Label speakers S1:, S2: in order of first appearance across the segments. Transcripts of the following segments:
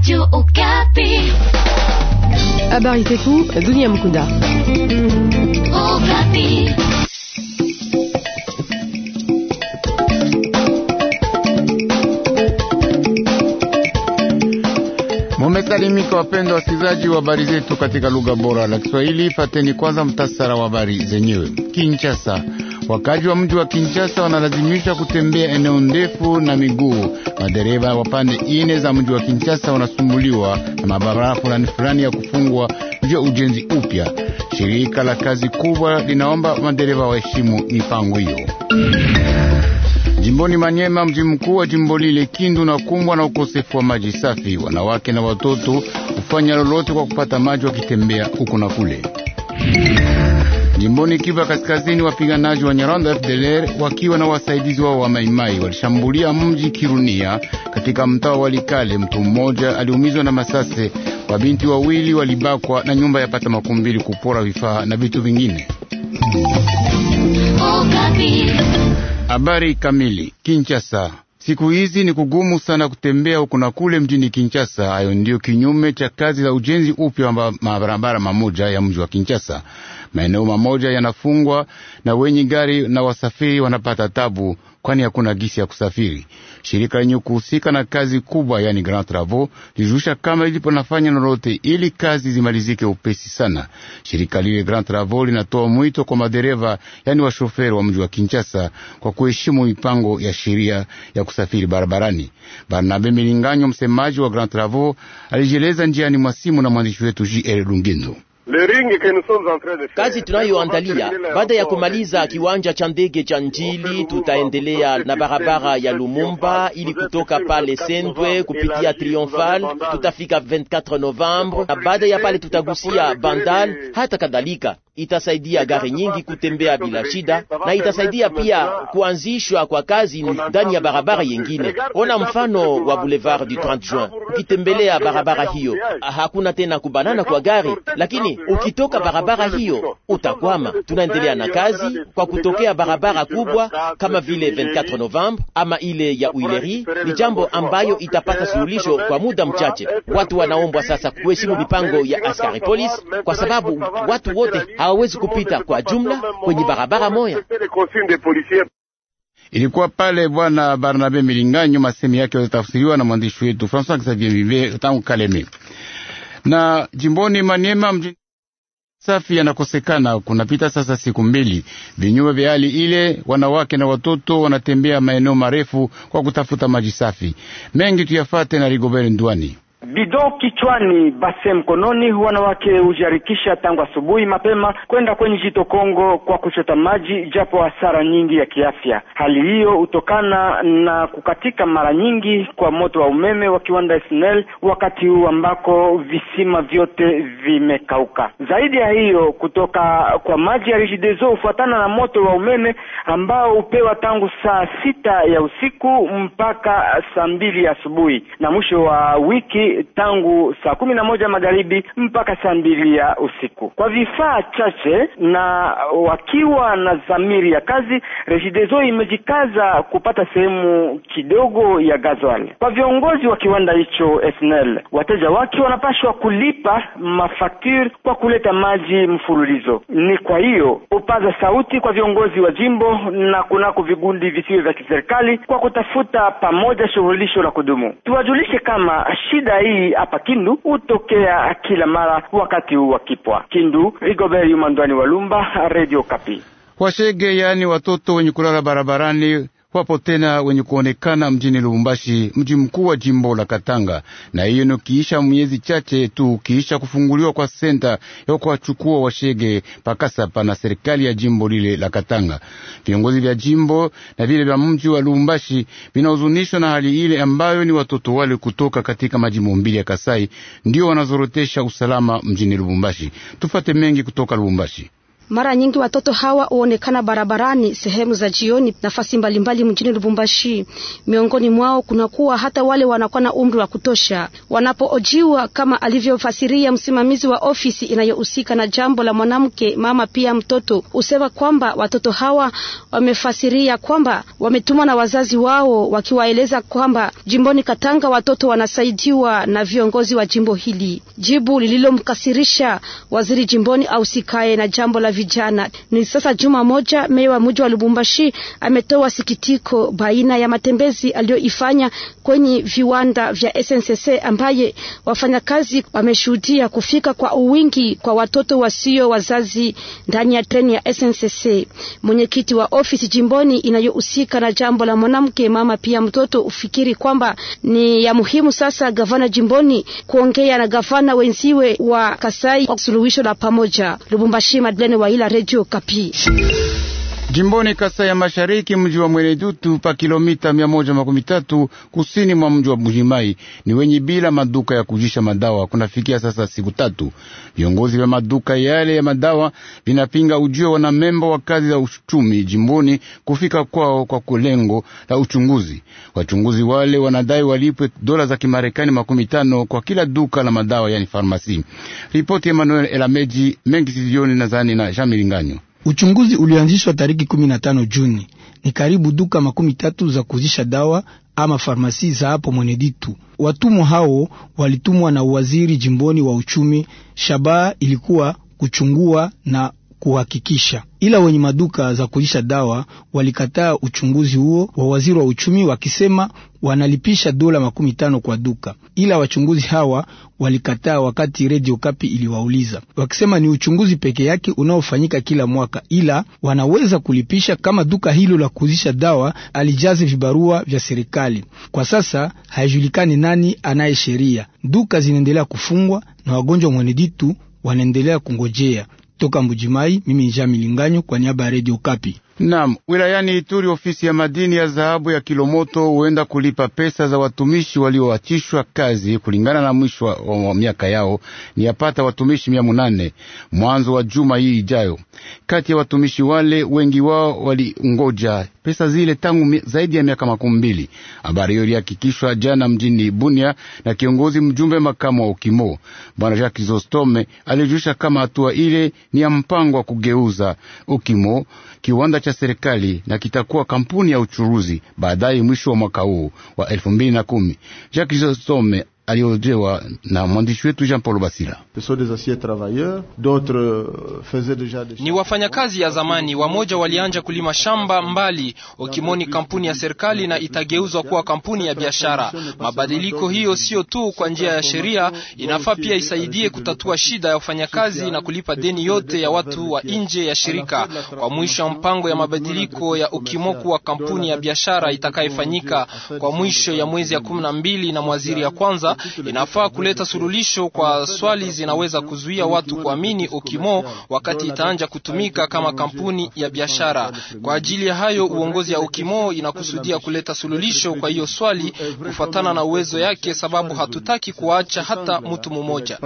S1: Radio Okapi.
S2: Habari zetu dunia mkunda. Okapi.
S3: Mumesalimika wapendwa wasikilizaji wa habari zetu katika lugha bora la Kiswahili. Fateni kwanza mtasara wa habari zenyewe. Kinshasa Wakaji wa mji wa Kinshasa wanalazimisha kutembea eneo ndefu na miguu. Madereva wa pande ine za mji wa Kinshasa wanasumbuliwa na mabarabara fulani fulani ya kufungwa vya ujenzi upya. Shirika la kazi kubwa linaomba madereva waheshimu mipango hiyo. Jimboni Manyema, mji mkuu wa jimbo lile Kindu na kumbwa na ukosefu wa maji safi. Wanawake na watoto hufanya lolote kwa kupata maji wakitembea huko na kule. Jimboni Kiva Kaskazini, wapiganaji wa Nyarwanda FDLR wakiwa na wasaidizi wao wa Maimai walishambulia mji Kirunia katika mtaa wa Likale. Mtu mmoja aliumizwa na masase, wabinti wawili walibakwa na nyumba yapata makumi mbili kupora vifaa na vitu vingine. Oh, Habari kamili. Kinshasa Siku hizi ni kugumu sana kutembea huko na kule mjini Kinshasa. Hayo ndiyo kinyume cha kazi za ujenzi upya wa mabarabara mamoja ya mji wa Kinshasa. Maeneo mamoja yanafungwa na wenye gari na wasafiri wanapata tabu, kwani hakuna gisi ya kusafiri. Shirika lenye kuhusika na kazi kubwa, yani Grand Travaux, lijulisha kama iliponafanya nafanya lolote ili kazi zimalizike upesi sana. Shirika lile Grand Travaux linatoa mwito kwa madereva, yani washoferi wa, mji wa Kinshasa kwa kuheshimu mipango ya sheria ya kusafiri barabarani. Barnabe Milinganyo, msemaji wa Grand Travaux, alijieleza njiani mwa simu na mwandishi wetu JR Lungendo.
S2: Kazi tunayoandalia baada ya kumaliza kiwanja cha ndege cha Njili, tutaendelea na barabara ya Lumumba ili kutoka pale Sendwe kupitia Triomphal tutafika 24 Novembre, na baada ya pale tutagusia Bandal hata kadhalika itasaidia gari nyingi kutembea bila shida, na itasaidia pia kuanzishwa kwa kazi ndani ya barabara yengine. Ona mfano wa Boulevard du 30 Juin, ukitembelea barabara hiyo ah, hakuna tena kubanana kwa gari, lakini ukitoka barabara hiyo utakwama. Tunaendelea na kazi kwa kutokea barabara kubwa kama vile 24 Novembre ama ile ya Uileri. Ni jambo ambayo itapata suluhisho kwa muda mchache. Watu wanaombwa sasa kuheshimu mipango ya askari polisi, kwa sababu watu wote hawawezi kupita kwa jumla kwenye barabara moja.
S3: Ilikuwa pale Bwana Barnabe Milinganyo, masemi yake yatafsiriwa na mwandishi wetu Francois Xavier Vive tangu Kalemi na jimboni Maniema mjini safi yanakosekana. Kunapita sasa siku mbili, vinyume vya hali ile, wanawake na watoto wanatembea maeneo marefu kwa kutafuta maji safi. Mengi tuyafate na Rigobert Ndwani
S1: bido kichwani, base mkononi, wanawake hujiharikisha tangu asubuhi mapema kwenda kwenye jito Kongo kwa kuchota maji, japo hasara nyingi ya kiafya. Hali hiyo hutokana na kukatika mara nyingi kwa moto wa umeme wa kiwanda SNEL wakati huu ambako visima vyote vimekauka. Zaidi ya hiyo, kutoka kwa maji ya Regideso hufuatana na moto wa umeme ambao hupewa tangu saa sita ya usiku mpaka saa mbili asubuhi na mwisho wa wiki tangu saa kumi na moja magharibi mpaka saa mbili ya usiku kwa vifaa chache na wakiwa na dhamiri ya kazi Regideso imejikaza kupata sehemu kidogo ya gazwal kwa viongozi wa kiwanda hicho snl Wateja wake wanapashwa kulipa mafakture kwa kuleta maji mfululizo. Ni kwa hiyo upaza sauti kwa viongozi wa jimbo na kunako vigundi visivyo vya kiserikali kwa kutafuta pamoja shughulisho la kudumu. Tuwajulishe kama shida hii hapa Kindu hutokea kila mara wakati huu wa kipwa. Kindu, Rigobert Yumandwani Walumba, Radio Kapi.
S3: Washege, yaani watoto wenye kulala barabarani wapo tena wenye kuonekana mjini Lubumbashi, mji mkuu wa jimbo la Katanga. Na hiyo ni kiisha miezi chache tu kiisha kufunguliwa kwa senta ya kuwachukua washege pakasapa na serikali ya jimbo lile la Katanga. Viongozi vya jimbo na vile vya mji wa Lubumbashi vinahuzunishwa na hali ile ambayo ni watoto wale kutoka katika majimbo mbili ya Kasai ndio wanazorotesha usalama mjini Lubumbashi. Tufate mengi kutoka Lubumbashi.
S4: Mara nyingi watoto hawa huonekana barabarani sehemu za jioni, nafasi mbalimbali mjini Lubumbashi. Miongoni mwao kunakuwa hata wale wanakuwa na umri wa kutosha. Wanapoojiwa, kama alivyofasiria msimamizi wa ofisi inayohusika na jambo la mwanamke, mama pia mtoto, husema kwamba watoto hawa wamefasiria kwamba wametumwa na wazazi wao, wakiwaeleza kwamba jimboni Katanga watoto wanasaidiwa na viongozi wa jimbo hili, jibu lililomkasirisha waziri jimboni ausikae na jambo la vijana. Ni sasa juma moja, meya wa mji wa Lubumbashi ametoa sikitiko baina ya matembezi aliyoifanya kwenye viwanda vya SNCC ambaye wafanyakazi wameshuhudia kufika kwa uwingi kwa watoto wasio wazazi ndani ya treni ya SNCC. Mwenyekiti wa ofisi jimboni inayohusika na jambo la mwanamke, mama pia mtoto, ufikiri kwamba ni ya muhimu sasa gavana jimboni kuongea na gavana wenziwe wa Kasai kwa suluhisho la pamoja. Lubumbashi, Madlene wa ila Radio Kapi.
S3: Jimboni Kasai ya Mashariki, mji wa Mwenedutu pa kilomita mia kusini mwa mji wa Bujimai ni wenye bila maduka ya kujisha madawa kunafikia sasa siku tatu. Viongozi vya maduka yale ya madawa vinapinga ujio wana membo wa kazi za uchumi jimboni kufika kwao kwa kulengo la uchunguzi. Wachunguzi wale wanadai walipwe dola za Kimarekani makumi tano kwa kila duka la madawa, yani farmasi. Ripoti Emmanuel Elameji mengi sizioni nazani na Jamilinganyo Uchunguzi ulianzishwa tariki 15 Juni. Ni karibu duka makumi tatu za kuzisha dawa ama farmasi za hapo Mweneditu. Watumwa hao walitumwa na uwaziri jimboni wa uchumi. Shabaha ilikuwa kuchungua na kuhakikisha, ila wenye maduka za kuisha dawa walikataa uchunguzi huo wa waziri wa uchumi, wakisema wanalipisha dola makumi tano kwa duka, ila wachunguzi hawa walikataa wakati Radio Kapi iliwauliza, wakisema ni uchunguzi peke yake unaofanyika kila mwaka, ila wanaweza kulipisha kama duka hilo la kuuzisha dawa alijaze vibarua vya serikali. Kwa sasa haijulikani nani anaye sheria. Duka zinaendelea kufungwa na wagonjwa mweneditu wanaendelea kungojea toka Mbujimai, mimi Nja Milinganyo kwa niaba ya Radio Kapi. Naam, wilayani Ituri ofisi ya madini ya dhahabu ya Kilomoto huenda kulipa pesa za watumishi walioachishwa kazi kulingana na mwisho wa miaka yao, ni yapata watumishi mia munane mwanzo wa juma hii ijayo. Kati ya watumishi wale wengi wao walingoja pesa zile tangu zaidi ya miaka makumi mbili. Habari hiyo ilihakikishwa jana mjini Bunia na kiongozi mjumbe makamu wa Ukimo Bwana Jacques Zostome alijulisha kama hatua ile ni ya mpango wa kugeuza Ukimo kiwanda cha cha serikali na kitakuwa kampuni ya uchuruzi baadaye mwisho wa mwaka huu wa elfu mbili na kumi. Jacques Josome aliyojewa na mwandishi wetu Jean Paul Basila. Euh,
S5: Ni wafanyakazi ya zamani, wamoja walianja kulima shamba mbali okimoni kampuni ya serikali na itageuzwa kuwa kampuni ya biashara. Mabadiliko hiyo sio tu kwa njia ya sheria, inafaa pia isaidie kutatua shida ya wafanyakazi na kulipa deni yote ya watu wa nje ya shirika. Kwa mwisho wa mpango ya mabadiliko ya ukimo kuwa kampuni ya biashara itakayefanyika kwa mwisho ya mwezi ya kumi na mbili na mwaziri ya kwanza inafaa kuleta suluhisho kwa swali zinaweza kuzuia watu kuamini Okimo wakati itaanja kutumika kama kampuni ya biashara. Kwa ajili ya hayo, uongozi ya Okimo inakusudia kuleta suluhisho kwa hiyo swali kufuatana na uwezo yake, sababu hatutaki kuacha hata mtu mmoja.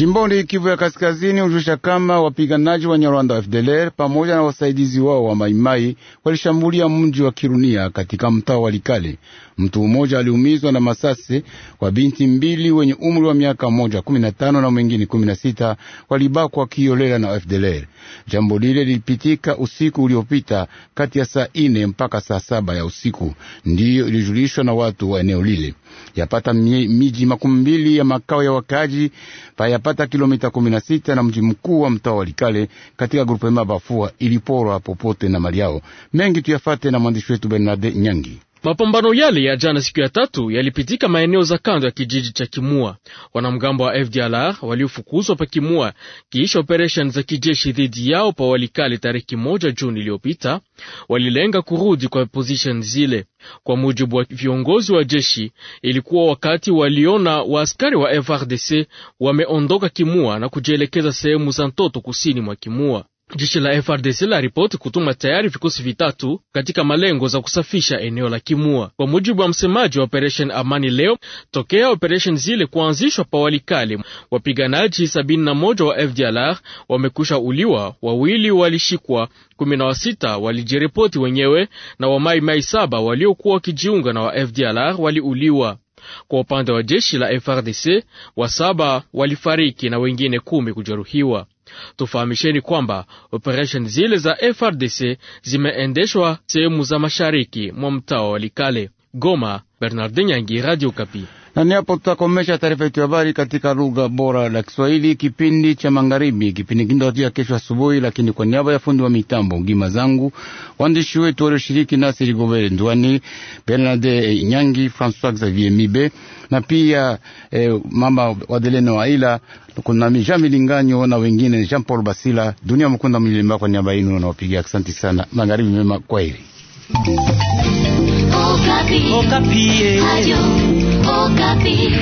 S3: Jimboni Kivu ya Kaskazini ujusha kama wapiganaji wa Nyarwanda wa FDLR pamoja na wasaidizi wao wa Maimai walishambulia mji wa Kirunia katika mtaa wa Likale. Mtu mmoja aliumizwa na masasi kwa binti mbili wenye umri wa miaka moja kumi na tano na mwingine kumi na sita walibakwa kiolela na FDLR. Jambo lile lilipitika usiku uliopita kati ya saa ine mpaka saa saba ya usiku, ndiyo ilijulishwa na watu wa eneo lile. Yapata miji makumi mbili ya makao ya wakaaji payapata kilomita kumi na sita na mji mkuu wa mtaa wa Likale katika grupema Bafua iliporwa popote na mali yao mengi tuyafate na mwandishi wetu Bernard Nyangi.
S5: Mapambano yale ya jana siku ya tatu yalipitika maeneo za kando ya kijiji cha Kimua. Wanamgambo wa FDLR waliofukuzwa pa Kimua kiisha operesheni za kijeshi dhidi yao pa Walikale tariki moja Juni iliyopita walilenga kurudi kwa pozisheni zile. Kwa mujibu wa viongozi wa jeshi, ilikuwa wakati waliona waaskari wa FRDC wameondoka Kimua na kujielekeza sehemu za Ntoto kusini mwa Kimua. Jeshi la FRDC la ripoti kutuma tayari vikosi vitatu katika malengo za kusafisha eneo la Kimua. Kwa mujibu wa msemaji wa Operation Amani leo, tokea operation zile kuanzishwa pa Walikale, wapiganaji 71 wa FDLR wamekusha uliwa, wawili walishikwa, 16 walijiripoti wenyewe na wamaimai saba waliokuwa wakijiunga na wa FDLR waliuliwa. Kwa upande wa jeshi la FRDC, wasaba walifariki na wengine kumi kujeruhiwa. Tufahamisheni kwamba operesheni zile za FRDC zimeendeshwa sehemu za mashariki mwa mtaa wa Likale. Goma, Bernardin Nyangi, Radio Kapi
S3: na niapo tutakomesha taarifa yetu ya habari katika lugha bora la Kiswahili, kipindi cha magharibi. Kipindi kinatujia kesho asubuhi, lakini kwa niaba ya fundi wa mitambo ngima zangu, waandishi wetu walioshiriki nasi Rigobert Ndwani, Bernard Nyangi, Francois Xavier Mibe na pia eh, mama Wadelene Waila, kuna Jean Milinganyo na wengine, Jean Paul Basila, Dunia Mkunda mlimba Kwa niaba yenu nawapigia asante sana, magharibi mema, kwaheri. Eh.
S4: Boca Bis.